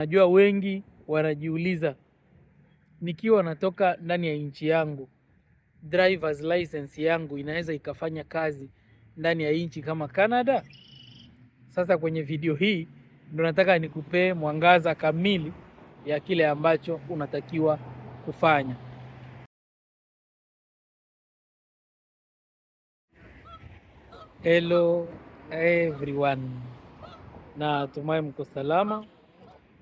Najua wengi wanajiuliza, nikiwa natoka ndani ya nchi yangu, drivers license yangu inaweza ikafanya kazi ndani ya nchi kama Canada? Sasa kwenye video hii ndo nataka nikupee mwangaza kamili ya kile ambacho unatakiwa kufanya. Hello everyone, na tumai mko salama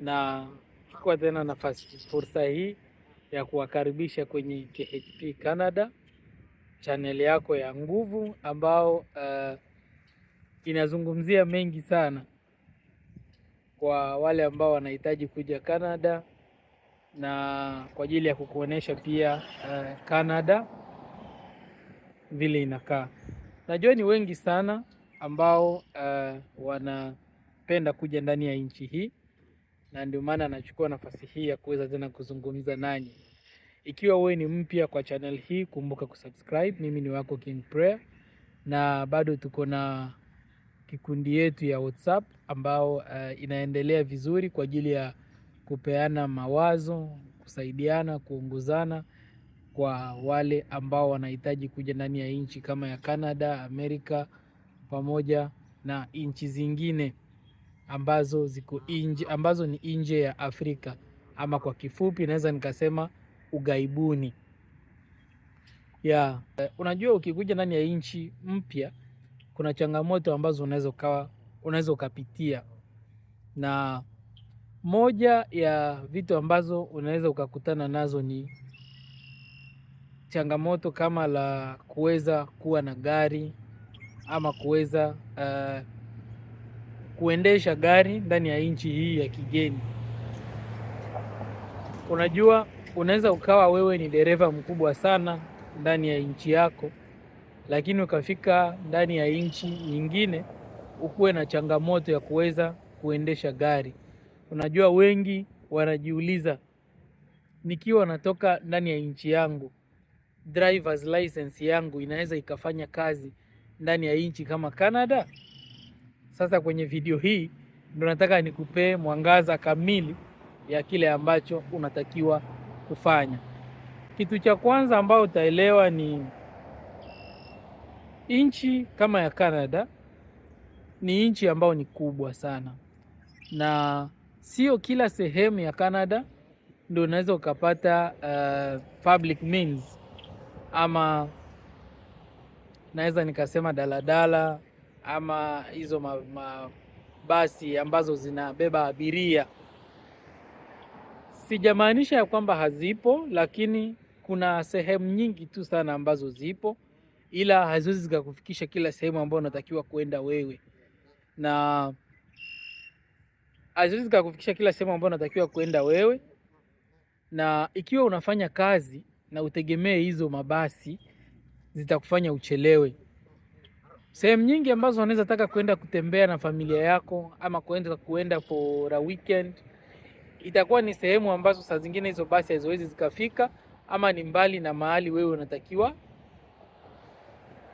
na chukua tena nafasi, fursa hii ya kuwakaribisha kwenye THP Canada chaneli yako ya nguvu, ambao uh, inazungumzia mengi sana kwa wale ambao wanahitaji kuja Canada na kwa ajili ya kukuonesha pia uh, Canada vile inakaa. Najua ni wengi sana ambao uh, wanapenda kuja ndani ya nchi hii na ndio maana anachukua nafasi hii ya kuweza tena kuzungumza nanyi. Ikiwa wewe ni mpya kwa channel hii, kumbuka kusubscribe. Mimi ni wako King Prayer, na bado tuko na kikundi yetu ya WhatsApp ambao uh, inaendelea vizuri kwa ajili ya kupeana mawazo, kusaidiana, kuongozana kwa wale ambao wanahitaji kuja ndani ya nchi kama ya Canada, Amerika pamoja na nchi zingine ambazo ziko inje, ambazo ni nje ya Afrika ama kwa kifupi naweza nikasema ugaibuni ya yeah. Unajua, ukikuja ndani ya nchi mpya kuna changamoto ambazo unaweza ukawa unaweza ukapitia, na moja ya vitu ambazo unaweza ukakutana nazo ni changamoto kama la kuweza kuwa na gari ama kuweza uh, kuendesha gari ndani ya nchi hii ya kigeni. Unajua, unaweza ukawa wewe ni dereva mkubwa sana ndani ya nchi yako, lakini ukafika ndani ya nchi nyingine ukuwe na changamoto ya kuweza kuendesha gari. Unajua, wengi wanajiuliza, nikiwa natoka ndani ya nchi yangu drivers license yangu inaweza ikafanya kazi ndani ya nchi kama Canada? Sasa kwenye video hii ndo nataka nikupee mwangaza kamili ya kile ambacho unatakiwa kufanya. Kitu cha kwanza ambao utaelewa ni nchi kama ya Canada ni nchi ambayo ni kubwa sana, na sio kila sehemu ya Canada ndio unaweza ukapata uh, public means ama naweza nikasema daladala ama hizo mabasi ambazo zinabeba abiria. Sijamaanisha ya kwamba hazipo, lakini kuna sehemu nyingi tu sana ambazo zipo, ila haziwezi zikakufikisha kila sehemu ambayo unatakiwa kuenda wewe, na haziwezi zikakufikisha kila sehemu ambayo unatakiwa kuenda wewe, na ikiwa unafanya kazi na utegemee hizo mabasi, zitakufanya uchelewe sehemu nyingi ambazo unaweza taka kwenda kutembea na familia yako ama kwenda kuenda for a weekend, itakuwa ni sehemu ambazo saa zingine hizo basi haziwezi zikafika ama ni mbali na mahali wewe unatakiwa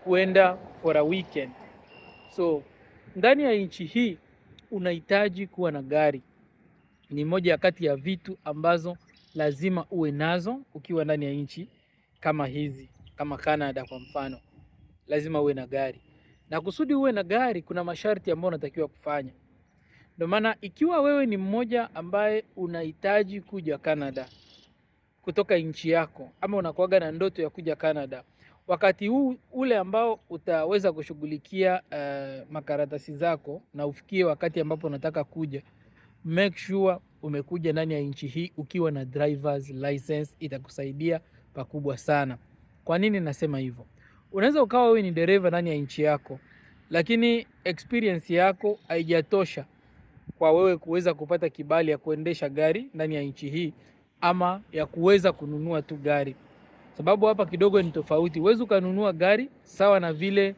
kuenda for a weekend. So ndani ya nchi hii unahitaji kuwa na gari, ni moja ya kati ya vitu ambazo lazima uwe nazo ukiwa ndani ya nchi kama hizi, kama Canada kwa mfano, lazima uwe na gari. Na kusudi uwe na gari, kuna masharti ambayo unatakiwa kufanya. Ndio maana ikiwa wewe ni mmoja ambaye unahitaji kuja Canada kutoka nchi yako, ama unakuaga na ndoto ya kuja Canada, wakati huu ule ambao utaweza kushughulikia uh, makaratasi zako na ufikie wakati ambapo unataka kuja, make sure umekuja ndani ya nchi hii ukiwa na drivers license, itakusaidia pakubwa sana. Kwa nini nasema hivyo? Unaweza ukawa wewe ni dereva ndani ya nchi yako, lakini experience yako haijatosha kwa wewe kuweza kupata kibali ya kuendesha gari ndani ya nchi hii ama ya kuweza kununua tu gari, sababu hapa kidogo ni tofauti. Huwezi ukanunua gari sawa na vile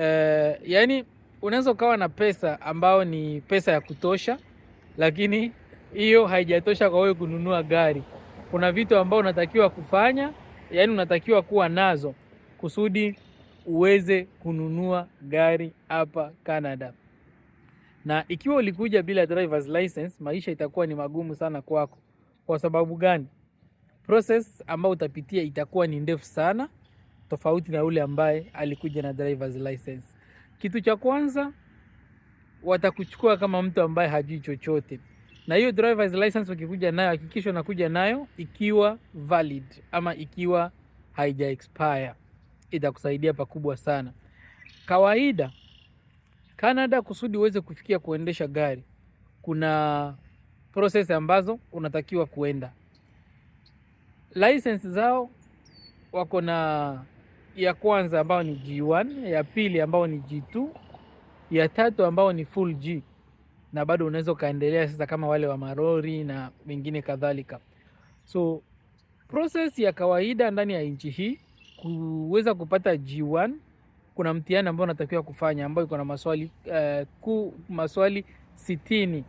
eh, yani unaweza ukawa na pesa ambayo ni pesa ya kutosha, lakini hiyo haijatosha kwa wewe kununua gari. Kuna vitu ambao unatakiwa kufanya, yani unatakiwa kuwa nazo kusudi uweze kununua gari hapa Canada. Na ikiwa ulikuja bila driver's license, maisha itakuwa ni magumu sana kwako. Kwa sababu gani? Process ambayo utapitia itakuwa ni ndefu sana, tofauti na yule ambaye alikuja na driver's license. Kitu cha kwanza watakuchukua kama mtu ambaye hajui chochote, na hiyo driver's license ukikuja nayo hakikisha unakuja nayo ikiwa valid ama ikiwa haija expire itakusaidia pakubwa sana. Kawaida Canada, kusudi uweze kufikia kuendesha gari, kuna process ambazo unatakiwa kuenda. License zao wako na ya kwanza ambao ni G1, ya pili ambao ni G2, ya tatu ambao ni full G, na bado unaweza ukaendelea sasa kama wale wa marori na wengine kadhalika. So process ya kawaida ndani ya nchi hii kuweza kupata G1 kuna mtihani ambao unatakiwa kufanya ambao iko na maswali uh, ku, maswali sitini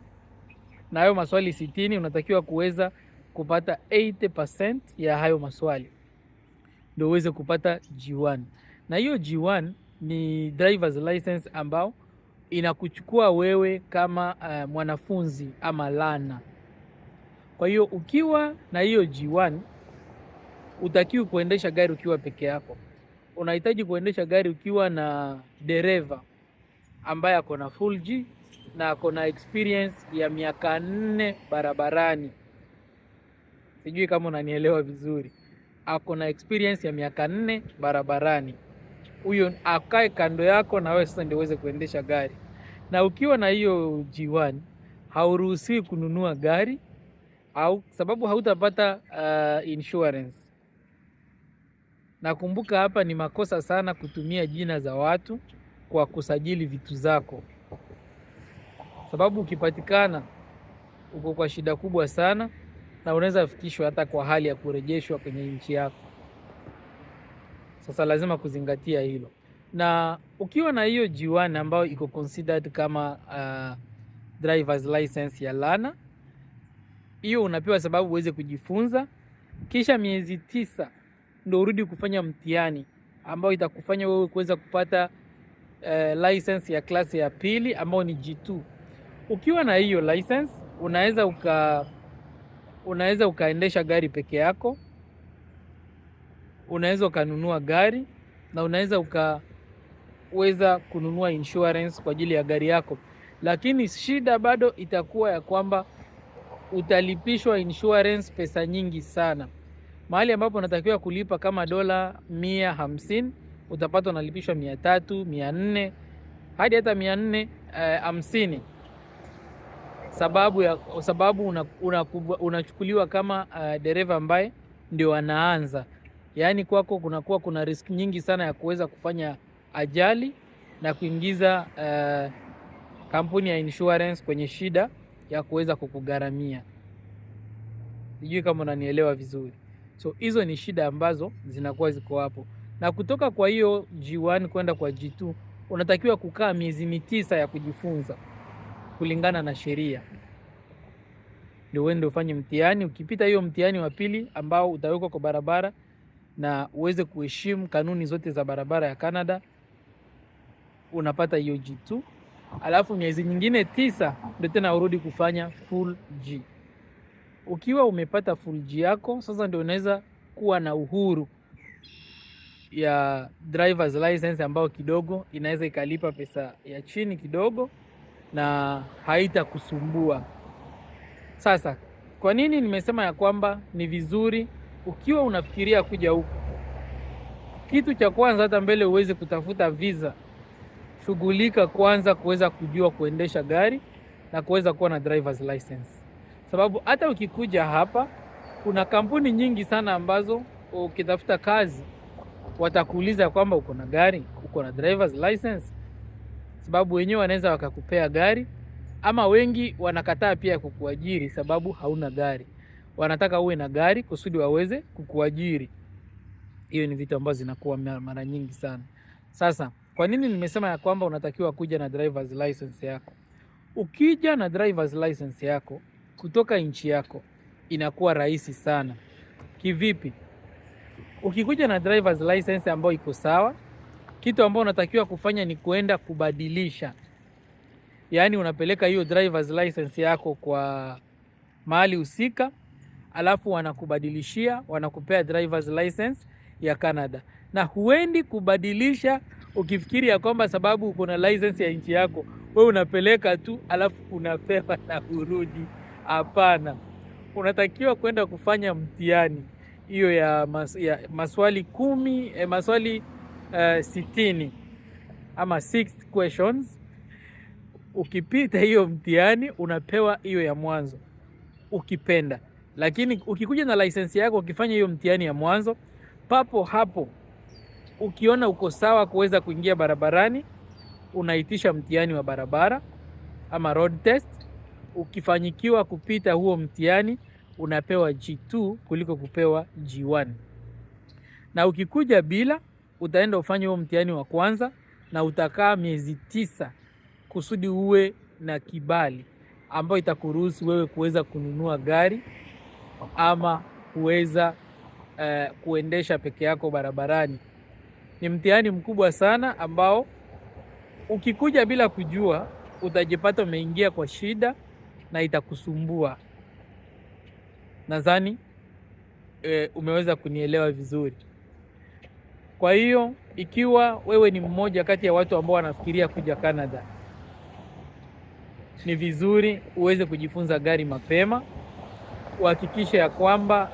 na hayo maswali sitini unatakiwa kuweza kupata 80% ya hayo maswali ndio uweze kupata G1, na hiyo G1 ni drivers license ambao inakuchukua wewe kama uh, mwanafunzi ama lana. Kwa hiyo ukiwa na hiyo G1 Utakiwi kuendesha gari ukiwa peke yako, unahitaji kuendesha gari ukiwa na dereva ambaye ako na full G na ako na experience ya miaka nne barabarani. Sijui kama unanielewa vizuri, ako na experience ya miaka nne barabarani, huyo akae kando yako na wewe sasa ndio uweze kuendesha gari. Na ukiwa na hiyo G1 hauruhusiwi kununua gari au sababu hautapata uh, insurance Nakumbuka hapa ni makosa sana kutumia jina za watu kwa kusajili vitu zako, sababu ukipatikana uko kwa shida kubwa sana, na unaweza fikishwa hata kwa hali ya kurejeshwa kwenye nchi yako. Sasa lazima kuzingatia hilo, na ukiwa na hiyo G1 ambayo iko considered kama uh, drivers license ya Lana, hiyo unapewa sababu uweze kujifunza, kisha miezi tisa ndio urudi kufanya mtihani ambao itakufanya wewe kuweza kupata uh, license ya klasi ya pili ambao ni G2. Ukiwa na hiyo license unaweza uka unaweza ukaendesha gari peke yako, unaweza ukanunua gari na unaweza ukaweza kununua insurance kwa ajili ya gari yako, lakini shida bado itakuwa ya kwamba utalipishwa insurance pesa nyingi sana mahali ambapo unatakiwa kulipa kama dola mia hamsini utapata unalipishwa mia tatu mia nne hadi hata mia nne eh, hamsini sababu, ya, sababu unachukuliwa una, una kama uh, dereva ambaye ndio anaanza, yaani kwako kunakuwa kuna riski nyingi sana ya kuweza kufanya ajali na kuingiza uh, kampuni ya insurance kwenye shida ya kuweza kukugharamia. Sijui kama unanielewa vizuri. So hizo ni shida ambazo zinakuwa ziko hapo, na kutoka kwa hiyo G1 kwenda kwa G2 unatakiwa kukaa miezi mitisa ya kujifunza kulingana na sheria, ndio uende ufanye mtihani. Ukipita hiyo mtihani wa pili ambao utawekwa kwa barabara na uweze kuheshimu kanuni zote za barabara ya Canada, unapata hiyo G2, alafu miezi nyingine tisa ndio tena urudi kufanya full G. Ukiwa umepata fulji yako sasa, ndio unaweza kuwa na uhuru ya driver's license ambayo kidogo inaweza ikalipa pesa ya chini kidogo na haitakusumbua. Sasa kwa nini nimesema ya kwamba ni vizuri ukiwa unafikiria kuja huku, kitu cha kwanza, hata mbele uweze kutafuta visa, shughulika kwanza kuweza kujua kuendesha gari na kuweza kuwa na driver's license sababu hata ukikuja hapa kuna kampuni nyingi sana ambazo ukitafuta kazi watakuuliza kwamba uko na gari, uko na drivers license, sababu wenyewe wanaweza wakakupea gari, ama wengi wanakataa pia kukuajiri sababu hauna gari. Wanataka uwe na gari kusudi waweze kukuajiri. Hiyo ni vitu ambazo zinakuwa mara nyingi sana. Sasa kwa nini nimesema ya kwamba unatakiwa kuja na drivers license yako? Ukija na drivers license yako kutoka nchi yako inakuwa rahisi sana. Kivipi? Ukikuja na drivers license ambayo iko sawa, kitu ambao unatakiwa kufanya ni kuenda kubadilisha, yaani unapeleka hiyo drivers license yako kwa mahali husika, alafu wanakubadilishia, wanakupea drivers license ya Canada, na huendi kubadilisha ukifikiri ya kwamba sababu uko na license ya nchi yako wewe unapeleka tu, alafu unapewa na urudi. Hapana, unatakiwa kwenda kufanya mtihani hiyo ya, mas, ya maswali kumi eh, maswali uh, sitini ama six questions. Ukipita hiyo mtihani unapewa hiyo ya mwanzo ukipenda, lakini ukikuja na lisensi yako ukifanya hiyo mtihani ya mwanzo, papo hapo ukiona uko sawa kuweza kuingia barabarani, unaitisha mtihani wa barabara ama road test Ukifanyikiwa kupita huo mtihani unapewa G2 kuliko kupewa G1, na ukikuja bila, utaenda ufanye huo mtihani wa kwanza na utakaa miezi tisa kusudi uwe na kibali ambayo itakuruhusu wewe kuweza kununua gari ama kuweza uh, kuendesha peke yako barabarani. Ni mtihani mkubwa sana ambao ukikuja bila kujua utajipata umeingia kwa shida na itakusumbua. Nadhani e, umeweza kunielewa vizuri. Kwa hiyo ikiwa wewe ni mmoja kati ya watu ambao wanafikiria kuja Canada, ni vizuri uweze kujifunza gari mapema, uhakikishe ya kwamba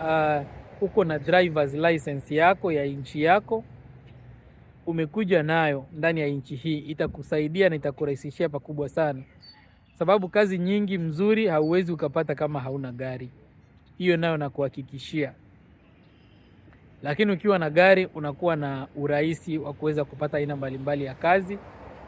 uh, uko na drivers license yako ya nchi yako umekuja nayo ndani ya nchi hii, itakusaidia na itakurahisishia pakubwa sana sababu kazi nyingi mzuri hauwezi ukapata kama hauna gari. Hiyo nayo nakuhakikishia. Lakini ukiwa na gari unakuwa na urahisi wa kuweza kupata aina mbalimbali ya kazi,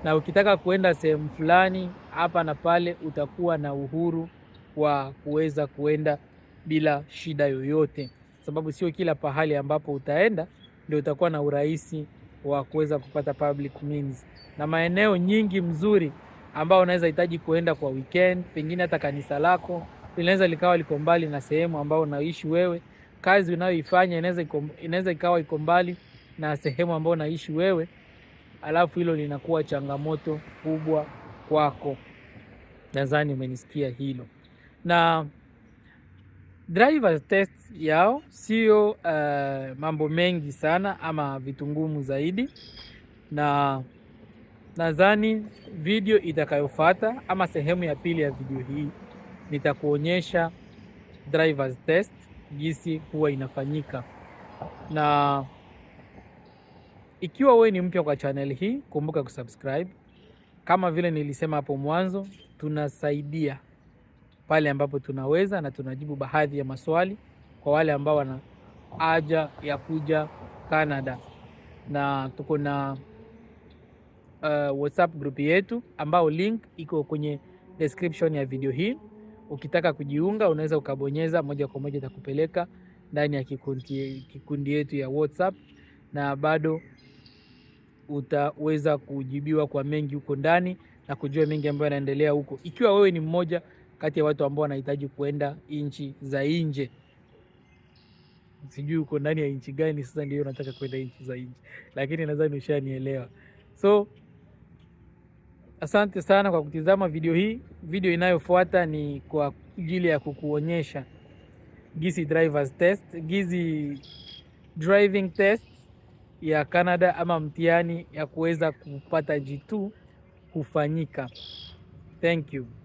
na ukitaka kuenda sehemu fulani hapa na pale, utakuwa na uhuru wa kuweza kuenda bila shida yoyote, sababu sio kila pahali ambapo utaenda ndio utakuwa na urahisi wa kuweza kupata public means, na maeneo nyingi mzuri ambao unaweza hitaji kuenda kwa weekend, pengine hata kanisa lako linaweza likawa liko mbali na sehemu ambao unaishi wewe. Kazi unayoifanya inaweza inaweza ikawa iko mbali na sehemu ambao unaishi wewe, alafu hilo linakuwa changamoto kubwa kwako. Nadhani umenisikia hilo. Na driver test yao sio uh, mambo mengi sana ama vitu ngumu zaidi na Nadhani video itakayofuata ama sehemu ya pili ya video hii nitakuonyesha drivers test jinsi huwa inafanyika, na ikiwa wewe ni mpya kwa channel hii, kumbuka kusubscribe. Kama vile nilisema hapo mwanzo, tunasaidia pale ambapo tunaweza na tunajibu baadhi ya maswali kwa wale ambao wana haja ya kuja Canada na tuko na uh, WhatsApp group yetu ambao link iko kwenye description ya video hii. Ukitaka kujiunga, unaweza ukabonyeza moja kwa moja, itakupeleka ndani ya kikundi, kikundi yetu ya WhatsApp na bado utaweza kujibiwa kwa mengi huko ndani na kujua mengi ambayo yanaendelea huko, ikiwa wewe ni mmoja kati ya watu ambao wanahitaji kuenda nchi za nje. Sijui uko ndani ya nchi gani sasa, ndio unataka kwenda nchi za nje, lakini nadhani ushanielewa so Asante sana kwa kutizama video hii. Video inayofuata ni kwa ajili ya kukuonyesha Gizi drivers test, Gizi driving test ya Canada ama mtihani ya kuweza kupata G2 hufanyika. Thank you.